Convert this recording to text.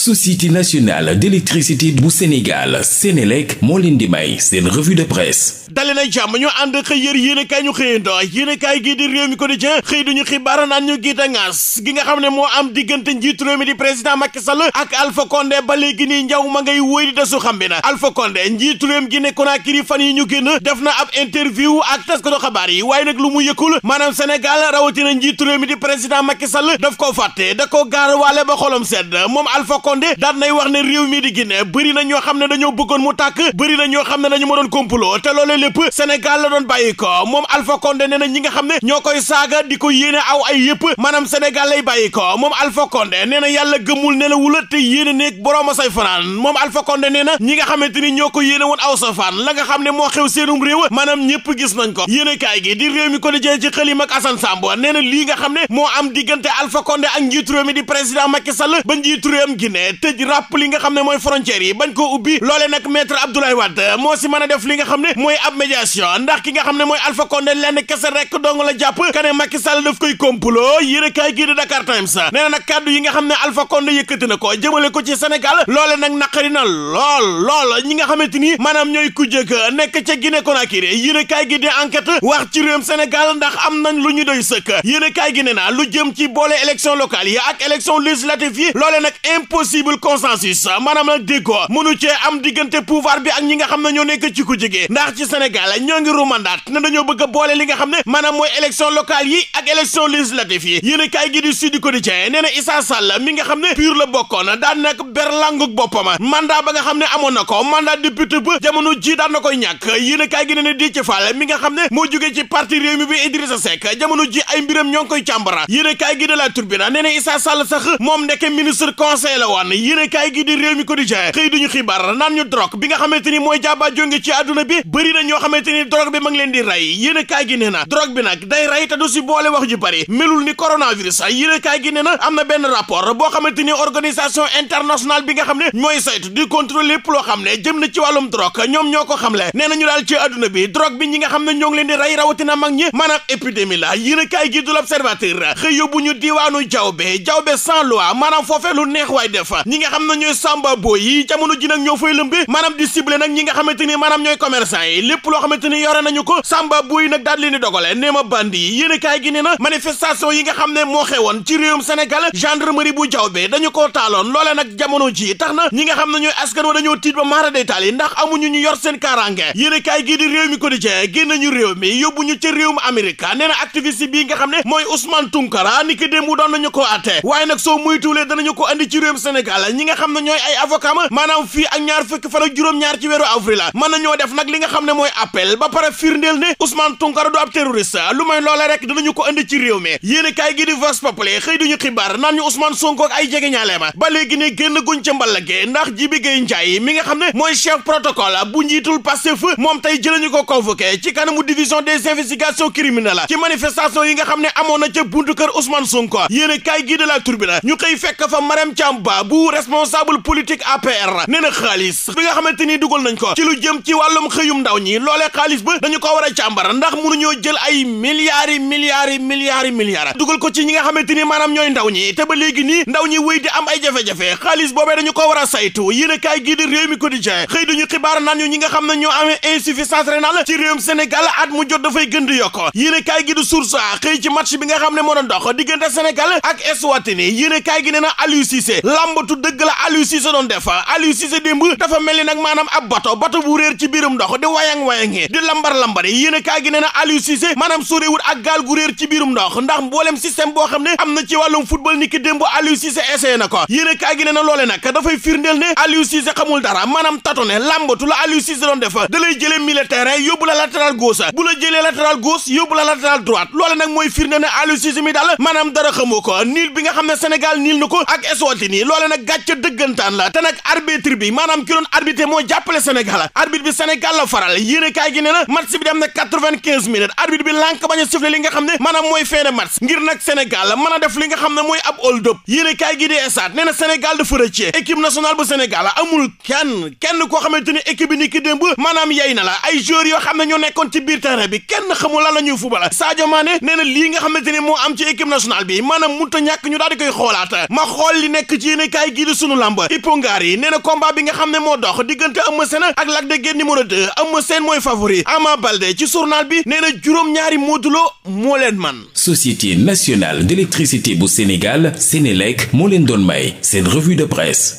société nationale d'électricité bu Sénégal Sénélec moo leen di may seen revue de presse dali na jàmm ñu ànd xëy yër yéen ñu xëyando yéen kaay gii di réew mi quotidien xëy duñu xibaar naan ñu giita ngaas gi nga xam ne moo am diggante njiitu réew di président Macky Sall ak Alpha ba léegi nii njaw ma ngay wóy di desu xam bi na Alpha Condé njiitu réew mi gi ne Conakry fan yi ñu génn def na ab interview ak taskatu xabaar yi waaye nag lu mu yëkkul maanaam Sénégal rawatina njiitu mi président Macky Sall daf koo fàtte da koo Condé daan nay wax ne réew mi di Guinée bëri na ñoo xam ne dañoo bëggoon mu tàkk bëri na ñoo xam ne dañu ma doon komplo te loolee lépp Sénégal la doon bàyyi ko moom Alpha Condé nee na ñi nga xam ne ñoo koy saaga di ko yéene aw ay yépp maanaam Sénégal lay bàyyi ko moom Alpha Condé nee na yàlla gëmul ne la wula te yéene nekk borooma say fanaan moom Alpha Condé nee na ñi nga xamante ni ñoo ko yéene woon aw safaan la nga xam ne moo xew seenum réew maanaam ñëpp gis nañ ko yéene kaay gi di réew mi ko di jëlee ci xëlim ak Assane Samb nee na lii nga xam ne moo am diggante Alpha Condé ak njiitu mi di président Macky Sall ba njiitu réewam Guinée ne tëj ràpp li nga xam ne mooy frontières yi bañ koo ubbi loole nag maître Abdoulaye Wade moo si mën a def li nga xam ne mooy ab médiation ndax ki nga xam ne mooy Alpha Condé lenn kese rek dong la jàpp ka ne Macky Sall daf koy complot yéene kaay di Dakar Times nee na nag kàddu yi nga xam ne Alpha Condé yëkkati na ko jëmale ko ci Sénégal loole nag naqari na lool lool ñi nga xamante ni maanaam ñooy ku jëkk nekk ca Guinée Conakry yéene kaay gi di enquête wax ci réewum Sénégal ndax am nañ lu ñu doy sëkk yéene kaay gi ne na lu jëm ci boole élection locale yi ak élection législative yi loole impossible consensus maanaam nag déggoo mënu cee am diggante pouvoir bi ak ñi nga xam ne ñoo nekk ci ku jege ndax ci Sénégal ñoo ngi rumandaat ne dañoo bëgg boole li nga xam ne maanaam mooy élection locale yi ak élection législative yi yéen a kaay gi di Sud Quotidien nee na Issa Sall mi nga xam ne pur ba nga xam ne amoon na ko mandat député ba jamono ji daan na koy ñàkk yéen a gi nee na Déthié Fall mi nga xam ne moo jóge ci parti Rewmi bi Idrissa Seck jamono ji ay mbiram ñoo ngi koy càmbara yéen a kaay gi de la Tribune nee na Issa Sall sax moom nekk ministre conseil la woon wan yéen kaay gi di réew mi quotidien xëy duñu xibaar naan ñu drogue bi nga xamante ni mooy jaaba jonge ci àdduna bi bëri na ñoo xamante ni drogue bi ma ngi leen di rey yéen kaay gi nee na drogue bi nag day rey te du si boole wax ju bari melul ni coronavirus yéen kaay gi nee na am na benn rapport boo xamante ni organisation internationale bi nga xam ne mooy saytu di contrôle lépp loo xam ne jëm na ci wàllum drogue ñoom ñoo ko xamle nee nañu daal ci àdduna bi drogue xam ne ñoo ngi leen di rey rawatina mag ñi maanaam épidémie la yéen kaay gi du l'observateur xëy yóbbu ñu diwaanu jawbe jawbe lu neex fa ñi nga xam na ñooy samba boy yi jamono ji nag ñoo fay lëmbe maanaam di ciblé nag ñi nga xamante ni maanaam ñooy commerçant yi lépp loo xamante ni yore nañu ko samba boy yi nag daal di dogale nee ma bandi yi yéen kaay gi nee na manifestation yi nga xam ne moo xewoon ci réewum Sénégal gendarmerie bu jawbe dañu koo taaloon loole nag jamono ji tax na ñi nga xam ne ñooy askan wa dañoo tiit ba maara day ndax amuñu ñu yor seen kaaraange yéen kaay nga xam ne mooy Ousmane Sénégal ñi nga xam ne ñooy ay avocat ma maanaam fii ak ñaar fukki fan juróom-ñaar ci weeru avril mën nañoo def nag li nga xam ne mooy appel ba pare firndeel ne Ousmane du ab terroriste lu may loolee rek dinañu ko indi ci réew mi yéen kaay gi di xëy duñu xibaar naan ñu Ousmane Sonko ay jege ñaale ma ba léegi ne génn guñ ca mballage ndax Jibi Gueye Ndiaye mi nga xam ne mooy chef protocole bu njiitul Pastef moom tey jëlañu ko convoqué ci ci manifestation bu responsable politique APR nee na xaalis bi nga xamante ni dugal nañ ko ci lu jëm ci wàllum xëyum ndaw ñi loolee xaalis ba dañu ko war a càmbar ndax mënuñoo jël ay milliards yi milliards yi milliards yi milliards dugal ko ci ñi nga xamante ni maanaam ñooy ndaw ñi te ba léegi nii ndaw ñi wéy di am ay jafe-jafe xaalis boobee dañu ko war a saytu yéen a kaay gii di réew mi quotidien xëy duñu ñi nga xam ne ñoo amee insuffisance rénale ci réewum Sénégal at mu jot gën di yokk yéen gi di source xëy ci match nga xam ne moo doon dox diggante Sénégal ak Eswatini yéen a kaay gi nee làmbatu dëgg la Aliou Cissé doon def Aliou Cissé démb dafa mel ni nag maanaam ab bato bato bu réer ci biirum ndox wayang-wayange di lambar-lambar yéen a na Aliou Cissé maanaam sorewut ak gaal gu réer ci biirum ndax mboolem système boo ne am na ci wàllum football ni ki démb Aliou Cissé essayé na ko yéen a kaa gi na loole nag dafay firndeel ne Aliou Cissé xamul dara maanaam tatone làmbatu la Aliou la latéral gauche bu la jëlee latéral gauche yóbbu la latéral droite loole nag la te nag arbitre bi maanaam ki doon arbitre moo jàppale Sénégal arbitre bi Sénégal la faral yéene kaay gi nee na match bi dem na quatre-vingt-quinze minutes arbitre bi lànk bañ a siffle li nga xam ne maanaam mooy fin de match ngir nag Sénégal mën a def li nga xam ne mooy ab hold up yéene kaay gi di esaat nee na Sénégal dafa rëcce équipe nationale bu amul kenn kenn koo xamante ni équipe bi ni ki démb yay na la ay joueurs yoo xam ne ñoo nekkoon ci biir terrain bi kenn xamul lan la nga xamante ni moo am ci équipe nationale bi maanaam munta ñàkk ñu kaay gii di sunu làmb ipongaar yi nee na combat bi nga xam ne moo dox diggante Eumeu Sène ak Lac de Guiers numéro 2 Eumeu Sène mooy favori Ama Baldé ci journal bi nee na juróom-ñaari Modou Lo moo leen man Société nationale d'électricité bu Sénégal Sénélec moo leen doon may seen revue de presse